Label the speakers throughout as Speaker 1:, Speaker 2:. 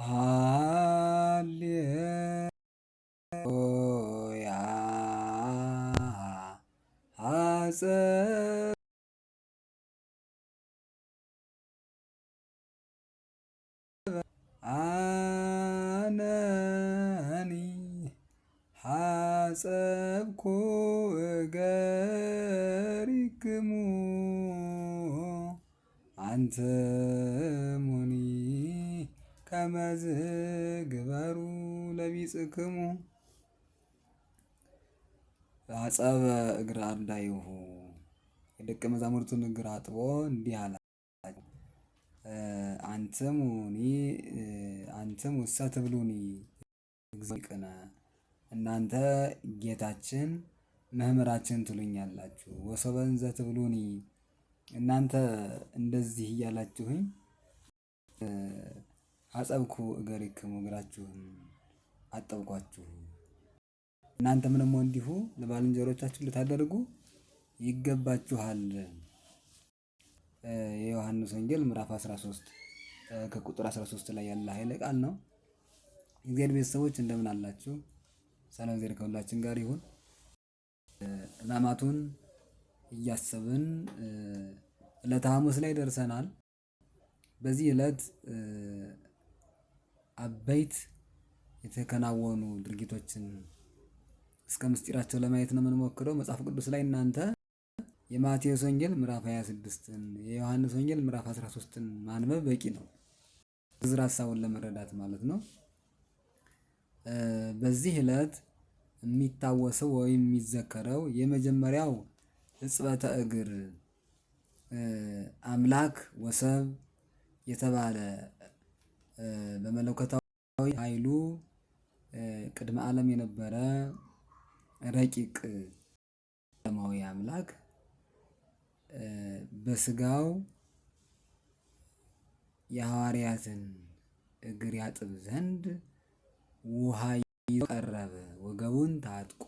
Speaker 1: ሃሌሉያ ሐፀ አነኒ ሐፀብኩ እገሪክሙ አንተ ከመዝ ግበሩ ለቢጽክሙ አጸበ እግረ አርዳይሁ የደቀ መዛሙርቱን እግር አጥቦ እንዲህ አላቸው፣ አንትሙኒ አንትም ውሳ ትብሉኒ ቅነ እናንተ ጌታችን መምህራችን ትሉኛላችሁ። ወሶበንዘ ትብሉኒ እናንተ እንደዚህ እያላችሁኝ አጸብኩ እገሪክሙ እግራችሁን አጠብኳችሁ እናንተም ደግሞ እንዲሁ ለባልንጀሮቻችሁ ልታደርጉ ይገባችኋል። የዮሐንስ ወንጌል ምዕራፍ 13 ከቁጥር 13 ላይ ያለ ኃይለ ቃል ነው። እግዚአብሔር ቤተሰቦች እንደምን አላችሁ? ሰላም እግዚአብሔር ከሁላችን ጋር ይሁን። ሕማማቱን እያሰብን ዕለተ ሐሙስ ላይ ደርሰናል። በዚህ ዕለት አበይት የተከናወኑ ድርጊቶችን እስከ ምስጢራቸው ለማየት ነው የምንሞክረው። መጽሐፍ ቅዱስ ላይ እናንተ የማቴዎስ ወንጌል ምዕራፍ 26ን የዮሐንስ ወንጌል ምዕራፍ 13ን ማንበብ በቂ ነው፣ ዝርዝር ሀሳቡን ለመረዳት ማለት ነው። በዚህ ዕለት የሚታወሰው ወይም የሚዘከረው የመጀመሪያው እጽበተ እግር አምላክ ወሰብ የተባለ በመለኮታዊ ኃይሉ ቅድመ ዓለም የነበረ ረቂቅ ሰማያዊ አምላክ በስጋው የሐዋርያትን እግር ያጥብ ዘንድ ውሃ ይዞ ቀረበ። ወገቡን ታጥቆ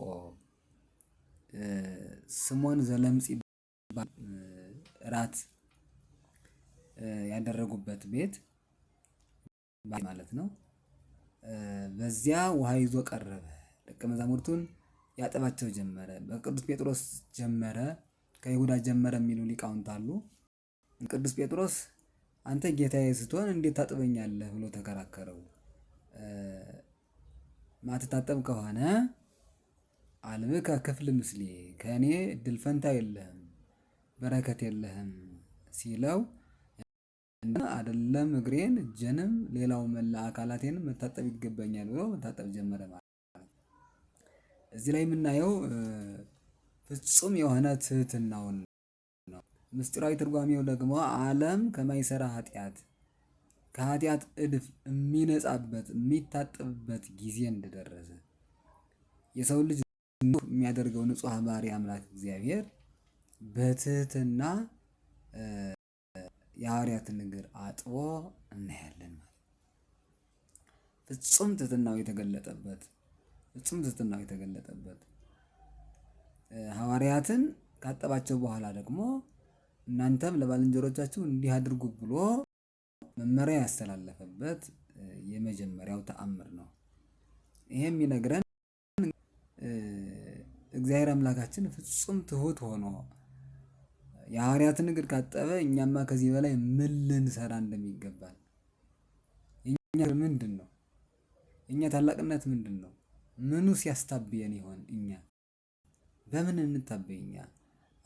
Speaker 1: ስሞን ዘለምጽ ራት ያደረጉበት ቤት ማለት ነው። በዚያ ውሃ ይዞ ቀረበ ደቀ መዛሙርቱን ያጠባቸው ጀመረ በቅዱስ ጴጥሮስ ጀመረ ከይሁዳ ጀመረ የሚሉ ሊቃውንት አሉ። ቅዱስ ጴጥሮስ አንተ ጌታዬ ስትሆን እንዴት ታጥበኛለህ ብሎ ተከራከረው? ማትታጠብ ከሆነ አልብከ ክፍል ምስሌ ከእኔ እድል ፈንታ የለህም በረከት የለህም ሲለው አይደለም እግሬን እጄንም ሌላው መላ አካላቴንም መታጠብ ይገባኛል ብሎ መታጠብ ጀመረ ማለት ነው። እዚህ ላይ የምናየው ፍጹም የሆነ ትህትናውን ነው። ምስጢራዊ ትርጓሜው ደግሞ አለም ከማይሰራ ኃጢአት ከኃጢአት እድፍ የሚነጻበት የሚታጠብበት ጊዜ እንደደረሰ የሰው ልጅ የሚያደርገው ንጹህ ባህሪ አምላክ እግዚአብሔር በትህትና የሐዋርያትን እግር አጥቦ እናያለን ማለት ፍጹም ትሕትናው የተገለጠበት ፍጹም ትሕትናው የተገለጠበት ሐዋርያትን ካጠባቸው በኋላ ደግሞ እናንተም ለባልንጀሮቻችሁ እንዲህ አድርጉ ብሎ መመሪያ ያስተላለፈበት የመጀመሪያው ተአምር ነው። ይሄም የሚነግረን እግዚአብሔር አምላካችን ፍጹም ትሁት ሆኖ የሐዋርያትን እግር ካጠበ እኛማ ከዚህ በላይ ምን ልንሰራ እንደሚገባል። እኛ ምንድን ነው? እኛ ታላቅነት ምንድን ነው? ምኑ ሲያስታብየን ይሆን? እኛ በምን እንታበይ? እኛ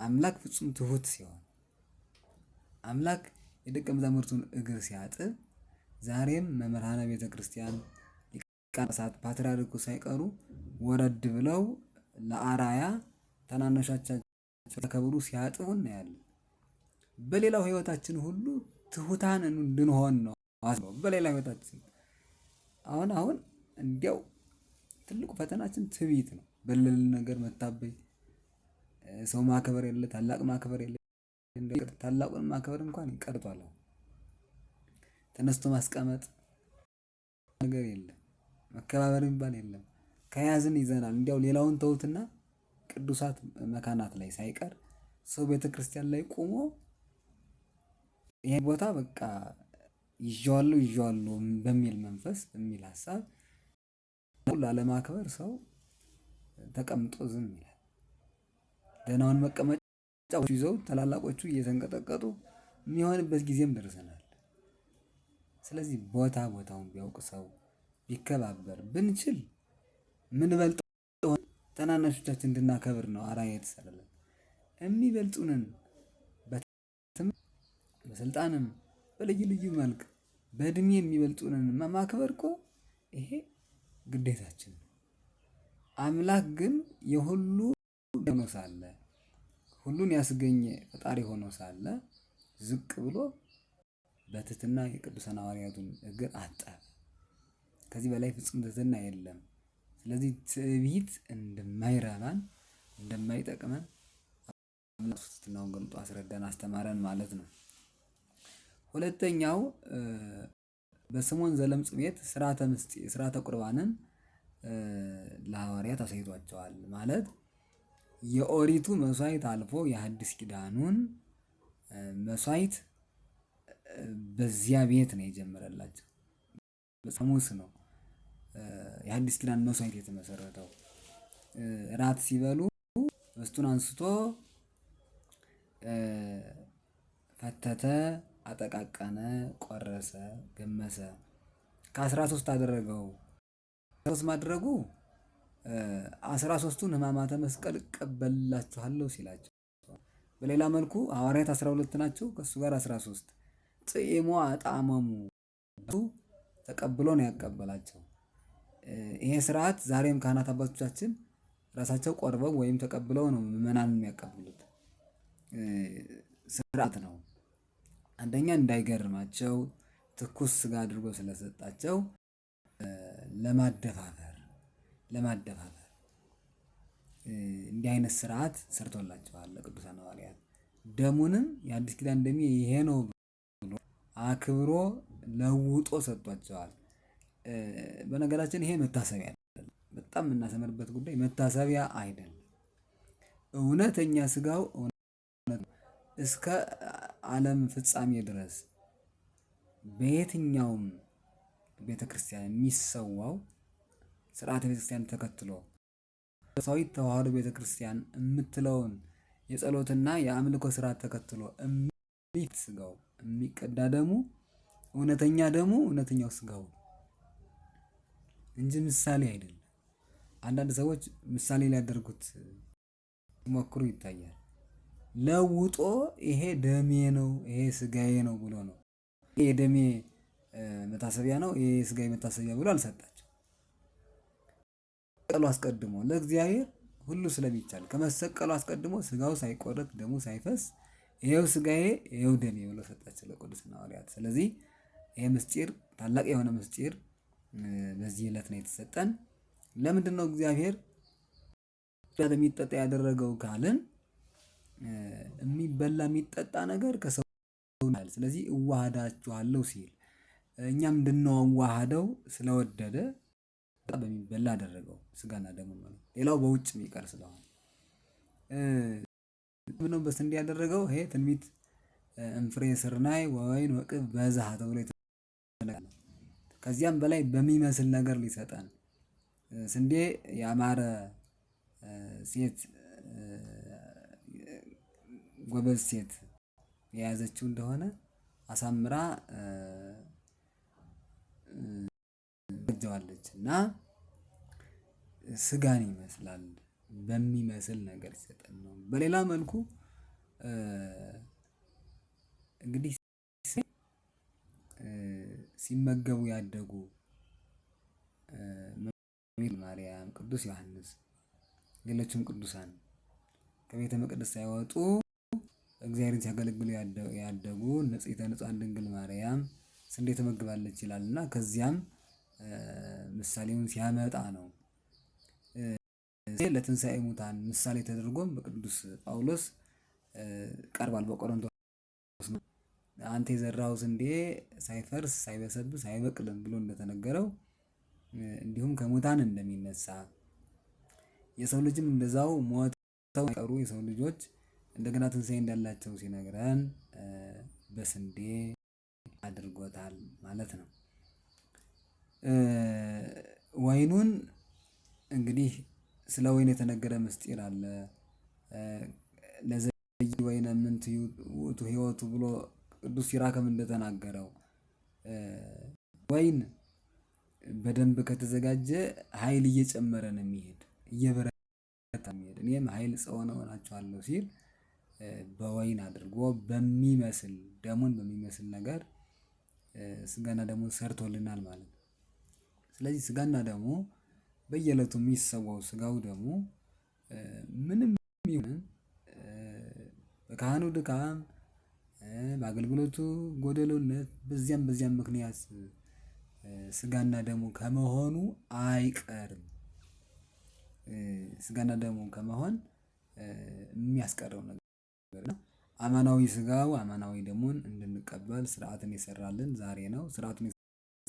Speaker 1: አምላክ ፍጹም ትሁት ሲሆን አምላክ የደቀ መዛሙርቱን እግር ሲያጥብ ዛሬም መምህራነ ቤተ ክርስቲያን ቃሳት ፓትርያርኩ ሳይቀሩ ወረድ ብለው ለአራያ ተናነሻቻቸው ተከብሩ ሲያጥቡ እናያለን። በሌላው ህይወታችን ሁሉ ትሁታን እንድንሆን ነው። በሌላ ህይወታችን አሁን አሁን እንዲያው ትልቁ ፈተናችን ትዕቢት ነው። በሌለ ነገር መታበይ፣ ሰው ማክበር የለ ታላቅ ማክበር የለ ታላቁን ማክበር እንኳን ይቀርቷል። ተነስቶ ማስቀመጥ ነገር የለም። መከባበር የሚባል የለም። ከያዝን ይዘናል። እንዲያው ሌላውን ተውትና ቅዱሳት መካናት ላይ ሳይቀር ሰው ቤተክርስቲያን ላይ ቆሞ ይሄ ቦታ በቃ ይዤዋለሁ ይዤዋለሁ በሚል መንፈስ በሚል ሀሳብ ላለማክበር ሰው ተቀምጦ ዝም ይላል። ደህናውን መቀመጫ ይዘው ታላላቆቹ እየተንቀጠቀጡ የሚሆንበት ጊዜም ደርሰናል። ስለዚህ ቦታ ቦታውን ቢያውቅ ሰው ቢከባበር ብንችል ምንበልጠው ተናናሾቻችን እንድናከብር ነው አራየት የተሰራልን የሚበልጡንን በትምህርት በስልጣንም በልዩ ልዩ መልክ በእድሜ የሚበልጡንን ማክበር እኮ ይሄ ግዴታችን ነው። አምላክ ግን የሁሉ ሆኖ ሳለ ሁሉን ያስገኘ ፈጣሪ ሆኖ ሳለ ዝቅ ብሎ በትህትና የቅዱሳን ሐዋርያቱን እግር አጠበ። ከዚህ በላይ ፍጹም ትህትና የለም። ስለዚህ ትዕቢት እንደማይረባን እንደማይጠቅመን ትህትናውን ገልጦ አስረዳን፣ አስተማረን ማለት ነው። ሁለተኛው በስምዖን ዘለምጽ ቤት ስርዓተ ምስጢር ስርዓተ ቁርባንን ለሐዋርያት አሳይቷቸዋል። ማለት የኦሪቱ መስዋዕት አልፎ የሐዲስ ኪዳኑን መስዋዕት በዚያ ቤት ነው የጀመረላቸው። ሐሙስ ነው የሐዲስ ኪዳን መስዋዕት የተመሰረተው። ራት ሲበሉ ኅብስቱን አንስቶ ፈተተ አጠቃቀነ፣ ቆረሰ፣ ገመሰ ከአስራ ሶስት አደረገው። ሶስት ማድረጉ አስራ ሶስቱን ህማማተ መስቀል እቀበልላችኋለሁ ሲላቸው፣ በሌላ መልኩ ሐዋርያት አስራ ሁለት ናቸው ከእሱ ጋር አስራ ሶስት ጥዕሞ አጣመሙ ተቀብሎ ነው ያቀበላቸው። ይሄ ስርዓት ዛሬም ካህናት አባቶቻችን ራሳቸው ቆርበው ወይም ተቀብለው ነው ምዕመናን የሚያቀብሉት ስርዓት ነው። አንደኛ እንዳይገርማቸው ትኩስ ስጋ አድርጎ ስለሰጣቸው ለማደፋፈር ለማደፋፈር እንዲህ አይነት ስርዓት ሰርቶላቸዋል ለቅዱሳን ሐዋርያት። ደሙንም የአዲስ ኪዳን ደሜ ይሄ ነው ብሎ አክብሮ ለውጦ ሰጥቷቸዋል። በነገራችን ይሄ መታሰቢያ አይደለም። በጣም የምናሰምርበት ጉዳይ መታሰቢያ አይደለም። እውነተኛ ስጋው እስከ ዓለም ፍጻሜ ድረስ በየትኛውም ቤተ ክርስቲያን የሚሰዋው ስርዓተ ቤተ ክርስቲያን ተከትሎ ሰዊት ተዋህዶ ቤተ ክርስቲያን የምትለውን የጸሎትና የአምልኮ ስርዓት ተከትሎ የሚት ስጋው የሚቀዳ ደሙ እውነተኛ ደሙ እውነተኛው ስጋው እንጂ ምሳሌ አይደለም። አንዳንድ ሰዎች ምሳሌ ሊያደርጉት ሲሞክሩ ይታያል። ለውጦ ይሄ ደሜ ነው ይሄ ስጋዬ ነው ብሎ ነው ይሄ መታሰቢያ ነው ይሄ መታሰቢያ ብሎ አልሰጣቸው። ቀሉ አስቀድሞ ለእግዚአብሔር ሁሉ ስለሚቻል ከመሰቀሉ አስቀድሞ ስጋው ሳይቆረጥ ደሙ ሳይፈስ ይሄው ስጋዬ ይሄው ደሜ ብሎ ሰጣቸው ለቅዱሳን ሐዋርያት። ስለዚህ ይሄ ምስጢር ታላቅ የሆነ ምስጢር በዚህ ዕለት ነው የተሰጠን። ለምንድን ነው እግዚአብሔር የሚጠጣ ያደረገው ካልን የሚበላ የሚጠጣ ነገር ከሰው ል ስለዚህ እዋሃዳችኋለሁ ሲል እኛም እንድናዋሃደው ስለወደደ በሚበላ አደረገው ስጋና ደሙ ነው። ሌላው በውጭ የሚቀር ስለሆነ ምነው በስንዴ ያደረገው ይሄ ትንቢት እንፍሬ ስርናይ ወይን ወቅብ በዛሃ ተብሎ ከዚያም በላይ በሚመስል ነገር ሊሰጠን ስንዴ ያማረ ሴት ጎበዝ ሴት የያዘችው እንደሆነ አሳምራ ጀዋለች እና ስጋን ይመስላል በሚመስል ነገር ሲሰጠን ነው። በሌላ መልኩ እንግዲህ ሲመገቡ ያደጉ ማርያም፣ ቅዱስ ዮሐንስ፣ ሌሎችም ቅዱሳን ከቤተ መቅደስ ሳይወጡ እግዚአብሔርን ሲያገለግሉ ያደጉ ንጽሕተ ንጹሐን ድንግል ማርያም ስንዴ ትመግባለች ይላል እና ከዚያም ምሳሌውን ሲያመጣ ነው። ለትንሣኤ ሙታን ምሳሌ ተደርጎም በቅዱስ ጳውሎስ ቀርቧል። በቆሮንቶስ አንተ የዘራው ስንዴ ሳይፈርስ ሳይበሰብስ አይበቅልም ብሎ እንደተነገረው እንዲሁም ከሙታን እንደሚነሳ የሰው ልጅም እንደዛው ሞተው አይቀሩ የሰው ልጆች እንደገና ትንሳኤ እንዳላቸው ሲነግረን በስንዴ አድርጎታል ማለት ነው። ወይኑን እንግዲህ ስለ ወይን የተነገረ ምስጢር አለ። ለዘይ ወይነ ምንት ውእቱ ሕይወቱ ብሎ ቅዱስ ሲራክም እንደተናገረው ወይን በደንብ ከተዘጋጀ ኃይል እየጨመረ ነው የሚሄድ እየበረታ የሚሄድ እኔም ኃይል ሰው ሆነ ሲል በወይን አድርጎ በሚመስል ደሙን በሚመስል ነገር ስጋና ደሙን ሰርቶልናል ማለት ነው። ስለዚህ ስጋና ደሙ በየእለቱ የሚሰዋው ስጋው ደግሞ ምንም ይሁን በካህኑ ድካም በአገልግሎቱ ጎደሎነት በዚያም በዚያም ምክንያት ስጋና ደሙ ከመሆኑ አይቀርም። ስጋና ደሙ ከመሆን የሚያስቀረው ነገር አማናዊ ስጋው አማናዊ ደሙን እንድንቀበል ስርዓትን የሰራልን ዛሬ ነው። ስርዓትን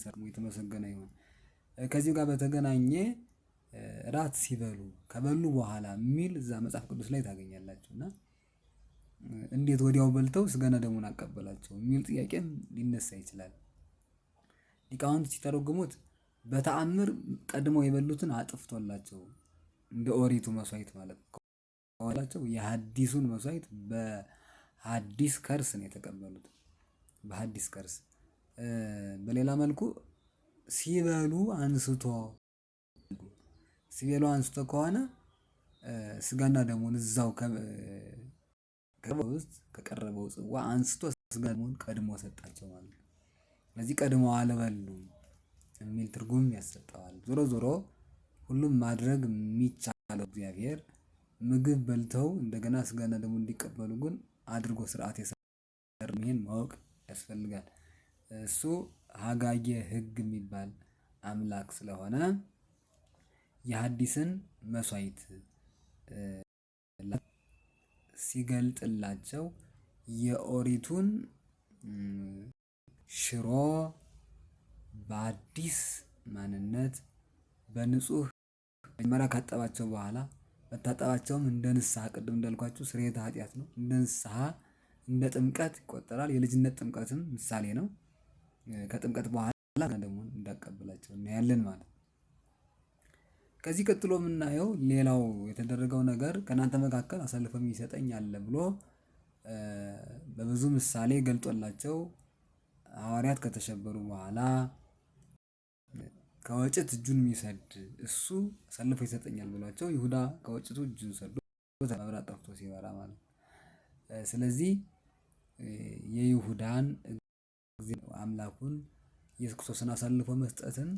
Speaker 1: ስርዓቱን የተመሰገነ ይሁን። ከዚሁ ጋር በተገናኘ እራት ሲበሉ ከበሉ በኋላ የሚል እዛ መጽሐፍ ቅዱስ ላይ ታገኛላችሁ። እና እንዴት ወዲያው በልተው ስጋና ደሙን አቀበላቸው የሚል ጥያቄም ሊነሳ ይችላል። ሊቃውንት ሲተረጉሙት በተአምር ቀድሞ የበሉትን አጥፍቶላቸው እንደ ኦሪቱ መስዋዕት ማለት ነው። ኋላቸው የሐዲሱን መስዋዕት በሐዲስ ከርስ ነው የተቀበሉት። በሐዲስ ከርስ በሌላ መልኩ ሲበሉ አንስቶ ሲበሉ አንስቶ ከሆነ ስጋና ደሙን እዛው ከቀረበው ውስጥ ከቀረበው ጽዋ አንስቶ ስጋ ደሙን ቀድሞ ሰጣቸው ማለት ነው። ስለዚህ ቀድሞ አልበሉም የሚል ትርጉም ያሰጠዋል። ዞሮ ዞሮ ሁሉም ማድረግ የሚቻለው እግዚአብሔር ምግብ በልተው እንደገና ስጋና ደግሞ እንዲቀበሉ ግን አድርጎ ስርዓት የሰራ ይህን ማወቅ ያስፈልጋል። እሱ ሀጋየ ህግ የሚባል አምላክ ስለሆነ የሀዲስን መስዋዕት ሲገልጥላቸው የኦሪቱን ሽሮ በአዲስ ማንነት በንጹህ መጀመሪያ ካጠባቸው በኋላ መታጠባቸውም እንደ ንስሐ ቅድም እንዳልኳችሁ ስርየተ ኃጢአት ነው። እንደ ንስሐ እንደ ጥምቀት ይቆጠራል። የልጅነት ጥምቀትም ምሳሌ ነው። ከጥምቀት በኋላ ደግሞ እንዳቀብላቸው እናያለን ማለት ነው። ከዚህ ቀጥሎ የምናየው ሌላው የተደረገው ነገር ከእናንተ መካከል አሳልፎ የሚሰጠኝ አለ ብሎ በብዙ ምሳሌ ገልጦላቸው ሐዋርያት ከተሸበሩ በኋላ ከወጭት እጁን የሚሰድ እሱ አሳልፎ ይሰጠኛል ብሏቸው ይሁዳ ከወጭቱ እጁን ሰዶ መብራት ጠፍቶ ሲበራ ማለት ነው። ስለዚህ የይሁዳን አምላኩን ኢየሱስ ክርስቶስን አሳልፎ መስጠትን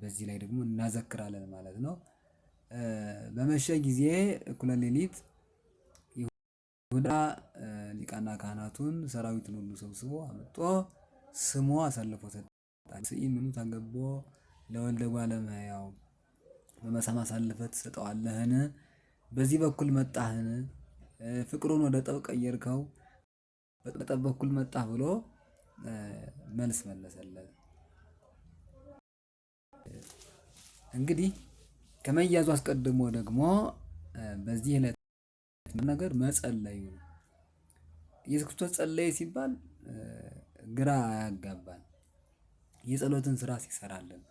Speaker 1: በዚህ ላይ ደግሞ እናዘክራለን ማለት ነው። በመሸ ጊዜ እኩለ ሌሊት ይሁዳ ሊቃና ካህናቱን ሰራዊትን ሁሉ ሰብስቦ አምጦ ስሞ አሳልፎ ሰጠ። ስኢምኑ ተገቦ ለወልደ እጓለ እመሕያው በመሳም አሳልፈህ ትሰጠዋለህን? በዚህ በኩል መጣህን? ፍቅሩን ወደ ጠብ ቀየርከው፣ በጠብ በኩል መጣህ ብሎ መልስ መለሰለት። እንግዲህ ከመያዙ አስቀድሞ ደግሞ በዚህ ዕለት ነገር መጸለዩ ነው። ኢየሱስ ክርስቶስ ጸለየ ሲባል ግራ ያጋባል። የጸሎትን ስራ ሲሰራልን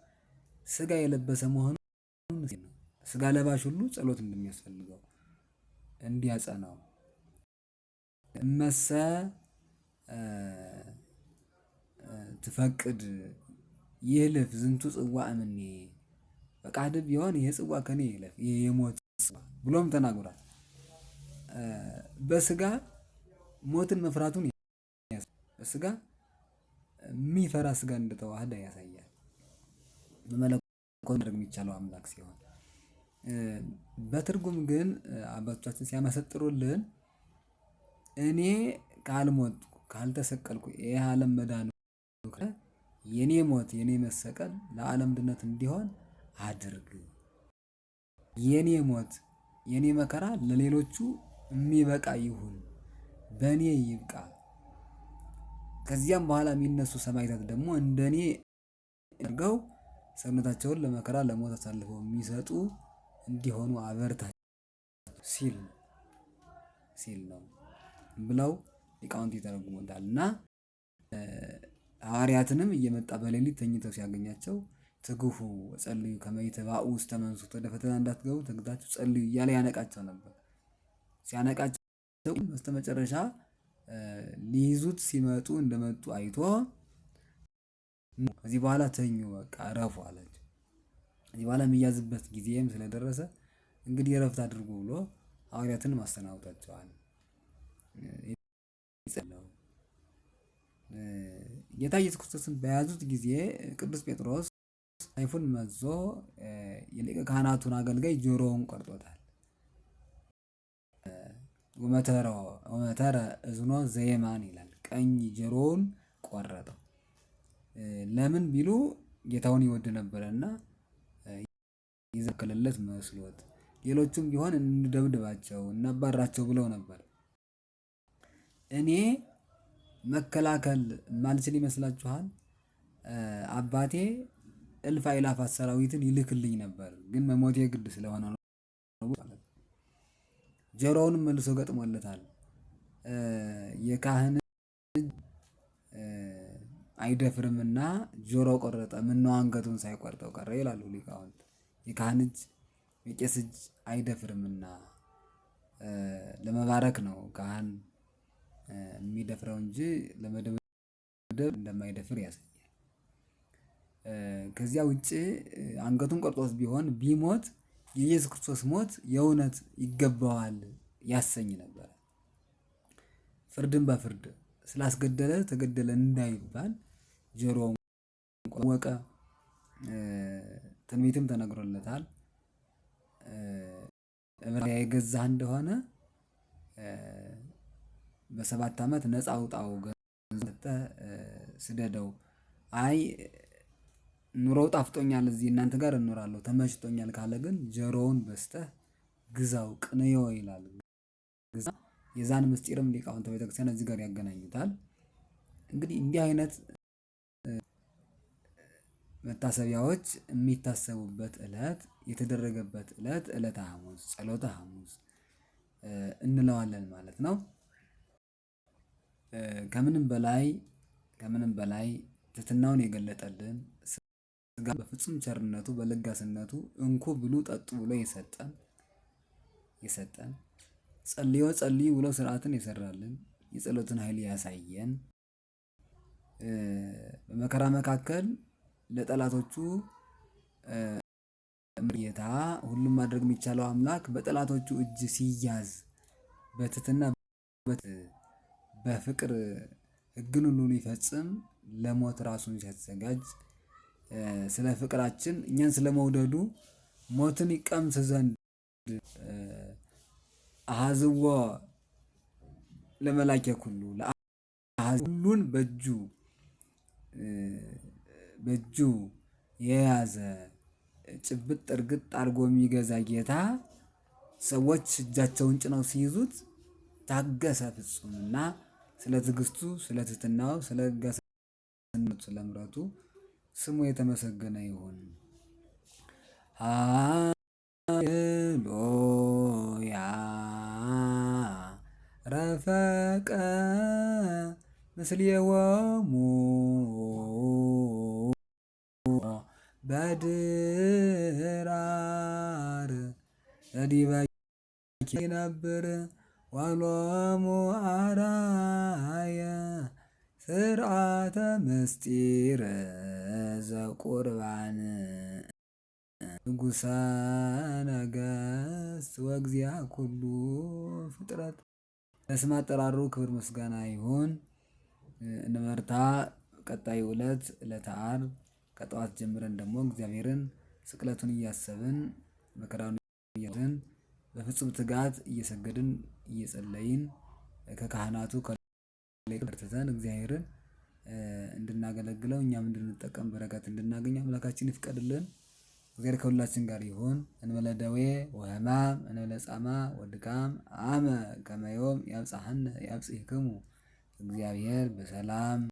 Speaker 1: ስጋ የለበሰ መሆኑን ስጋ ለባሽ ሁሉ ጸሎት እንደሚያስፈልገው እንዲያጸናው እመሰ ትፈቅድ ይህልፍ ዝንቱ ጽዋ እምኔ ፈቃድብ የሆን ይህ ጽዋ ከኔ ይለፍ ይህ የሞት ብሎም ተናግሯል። በስጋ ሞትን መፍራቱን በስጋ የሚፈራ ስጋ እንደተዋህደ ያሳያል። መለኮት ማድረግ የሚቻለው አምላክ ሲሆን በትርጉም ግን አባቶቻችን ሲያመሰጥሩልን እኔ ካልሞት ካልተሰቀልኩ ይህ ዓለም መዳን የኔ ሞት የኔ መሰቀል ለዓለም ድነት እንዲሆን አድርግ። የኔ ሞት የኔ መከራ ለሌሎቹ የሚበቃ ይሁን፣ በእኔ ይብቃ። ከዚያም በኋላ የሚነሱ ሰማዕታት ደግሞ እንደኔ አድርገው ሰውነታቸውን ለመከራ ለሞት አሳልፈው የሚሰጡ እንዲሆኑ አበርታ ሲል ሲል ነው ብለው ሊቃውንት ይተረጉሙታል። እና ሐዋርያትንም እየመጣ በሌሊት ተኝተው ሲያገኛቸው ትጉፉ ጸልዩ ከመይተባኡ ውስጥ መንሱት ወደ ፈተና እንዳትገቡ ትግታችሁ ጸልዩ እያለ ያነቃቸው ነበር። ሲያነቃቸው በስተመጨረሻ ሊይዙት ሲመጡ እንደመጡ አይቶ ከዚህ በኋላ ተኙ በቃ እረፉ አላቸው። ከዚህ በኋላ የሚያዝበት ጊዜም ስለደረሰ እንግዲህ እረፍት አድርጉ ብሎ ሐዋርያትን ማሰናብቷቸዋል። ጌታ ኢየሱስ ክርስቶስን በያዙት ጊዜ ቅዱስ ጴጥሮስ ሰይፉን መዞ የሊቀ ካህናቱን አገልጋይ ጆሮውን ቆርጦታል። ወመተረ እዝኖ ዘየማን ይላል። ቀኝ ጆሮውን ቆረጠው። ለምን ቢሉ ጌታውን ይወድ ነበረና ይዘክልለት መስሎት ሌሎቹም ቢሆን እንደብድባቸው እናባራቸው ብለው ነበር። እኔ መከላከል ማልችል ይመስላችኋል? አባቴ እልፍ አእላፋት ሰራዊትን ይልክልኝ ነበር፣ ግን መሞቴ ግድ ስለሆነ ነው። ጆሮውንም መልሶ ገጥሞለታል። የካህን አይደፍርምና ጆሮ ቆረጠ፣ ምነው አንገቱን ሳይቆርጠው ቀረ ይላሉ ሊቃውንት። የካህን እጅ የቄስ እጅ አይደፍርምና ለመባረክ ነው ካህን የሚደፍረው እንጂ ለመደብደብ እንደማይደፍር ያሳያል። ከዚያ ውጭ አንገቱን ቆርጦት ቢሆን ቢሞት የኢየሱስ ክርስቶስ ሞት የእውነት ይገባዋል ያሰኝ ነበረ። ፍርድን በፍርድ ስላስገደለ ተገደለ እንዳይባል ጆሮውን ወቀ። ትንቢትም ተነግሮለታል። እብራ የገዛህ እንደሆነ በሰባት ዓመት ነፃ አውጣው፣ ገንዘብ ስደደው አይ ኑሮው ጣፍጦኛል እዚህ እናንተ ጋር እኖራለሁ ተመችቶኛል ካለ ግን ጆሮውን በስተህ ግዛው ቅንዮ ይላል። ግዛ የዛን ምስጢርም ሊቃውንተ ቤተክርስቲያን እዚህ ጋር ያገናኙታል። እንግዲህ እንዲህ አይነት መታሰቢያዎች የሚታሰቡበት ዕለት የተደረገበት ዕለት ዕለተ ሐሙስ፣ ጸሎተ ሐሙስ እንለዋለን ማለት ነው። ከምንም በላይ ከምንም በላይ ትህትናውን የገለጠልን ስጋ በፍጹም ቸርነቱ በለጋስነቱ እንኩ ብሉ ጠጡ ብሎ የሰጠን የሰጠን ጸልዮ ጸልዩ ብሎ ስርዓትን የሰራልን የጸሎትን ኃይል ያሳየን በመከራ መካከል ለጠላቶቹ ጌታ ሁሉም ማድረግ የሚቻለው አምላክ በጠላቶቹ እጅ ሲያዝ በትትና በፍቅር ህግን ሁሉን ይፈጽም ለሞት ራሱን ሲያዘጋጅ ስለ ፍቅራችን እኛን ስለ መውደዱ ሞትን ይቀምስ ዘንድ አሃዝዎ ለመላኬ ሁሉ ሁሉን በእጁ በእጁ የያዘ ጭብጥ እርግጥ አድርጎ የሚገዛ ጌታ ሰዎች እጃቸውን ጭነው ሲይዙት ታገሰ ፍጹም እና ስለ ትዕግስቱ፣ ስለ ትህትናው፣ ስለ ጋሰነቱ፣ ስለ ምረቱ ስሙ የተመሰገነ ይሁን። ሃሌሉያ ረፈቀ በድራር ነብር አራየ ስርዓተ ምስጢር ዘቁርባን ንጉሠ ነገሥት ወእግዚአ ኩሉ ፍጥረት ለስም አጠራሩ ክብር ምስጋና ይሁን። እንበርታ። ቀጣይ ዕለት ዕለተ ዓርብ ከጠዋት ጀምረን ደግሞ እግዚአብሔርን ስቅለቱን እያሰብን መከራውን እያትን በፍጹም ትጋት እየሰገድን እየጸለይን ከካህናቱ ከርትተን እግዚአብሔርን እንድናገለግለው እኛም እንድንጠቀም በረከት እንድናገኝ አምላካችን ይፍቀድልን። እግዚአብሔር ከሁላችን ጋር ይሁን። እንበለ ደዌ ወሕማም እንበለ ጻማ ወድካም አመ ከመዮም ዮም ያብጽሐነ እግዚአብሔር በሰላም